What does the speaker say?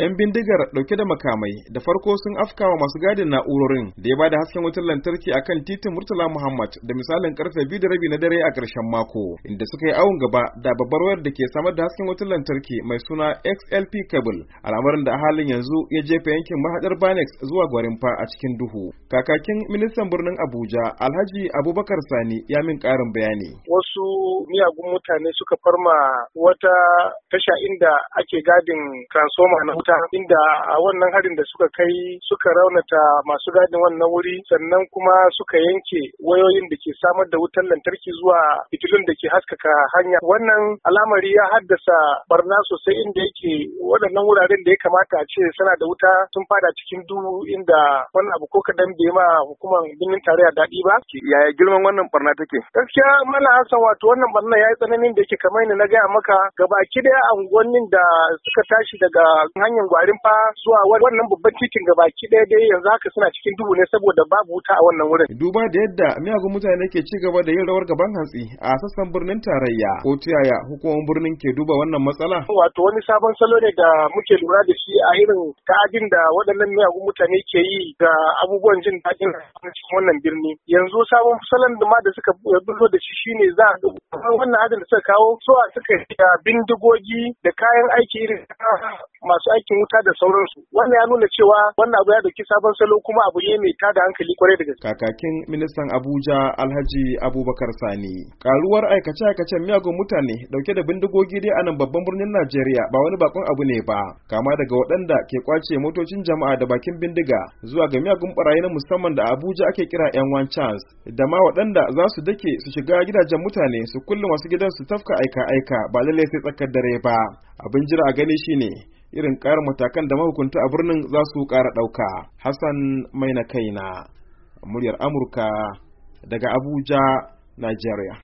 'yan bindigar dauke da makamai da farko sun afkawa masu gadin na'urorin da ya bada hasken wutar lantarki akan titin murtala muhammad da misalin karfe biyu da rabi na dare a karshen mako inda suka yi awon gaba da babbar wayar da ke samar da hasken wutar lantarki mai suna xlp cable al'amarin da a halin yanzu ya jefa yankin mahaɗar banex zuwa gwarinfa a cikin duhu kakakin ministan birnin abuja alhaji abubakar sani ya min karin bayani wasu miyagun mutane suka farma wata tasha inda ake gadin transformer na wuta mata inda a wannan harin da suka kai suka raunata masu gadin wannan wuri sannan kuma suka yanke wayoyin da ke samar da wutar lantarki zuwa fitilun da ke haskaka hanya wannan alamari ya haddasa barna sosai inda yake waɗannan wuraren da ya kamata a ce suna da wuta sun fada cikin duhu inda wannan abu ko kaɗan bai ma hukumar birnin tarayya daɗi ba. Yaya girman wannan barna take? Gaskiya mana Hassan wato wannan barna ya yi tsananin da yake kamar na gaya maka gabaki daya unguwannin da suka tashi daga hanyar hanyar gwarin fa zuwa wannan babban titin ga baki ɗaya dai yanzu haka suna cikin duhu ne saboda babu wuta a wannan wurin. Duba da yadda miyagun mutane ke ci gaba da yin rawar gaban hantsi a sassan birnin tarayya ko ta yaya hukumomin birnin ke duba wannan matsala. Wato wani sabon salo ne da muke lura da shi a irin ta'adin da waɗannan miyagun mutane ke yi ga abubuwan jin daɗin cikin wannan birni. Yanzu sabon salon da ma da suka bullo da shi shine za a wannan adadin da suka kawo so a suka bindigogi da kayan aiki irin masu aikin wuta da sauransu wannan ya nuna cewa wannan abu ya dauki sabon salo kuma abu ne mai tada hankali kwarai da gaske kakakin ministan Abuja Alhaji Abubakar Sani karuwar aikace aikacen miyagun mutane dauke da bindigogi dai a nan babban birnin Najeriya ba wani bakon abu ne ba kama daga waɗanda ke kwace motocin jama'a da bakin bindiga zuwa ga miyagun barayi na musamman da Abuja ake kira yan wancans chance da ma waɗanda za su dake su shiga gidajen mutane su kulle masu gidan su tafka aika aika ba lallai sai tsakar dare ba abin jira a gani shine irin ƙarin matakan da mahukunta a birnin za su ƙara ɗauka hassan mai na kai kaina muryar amurka daga abuja nigeria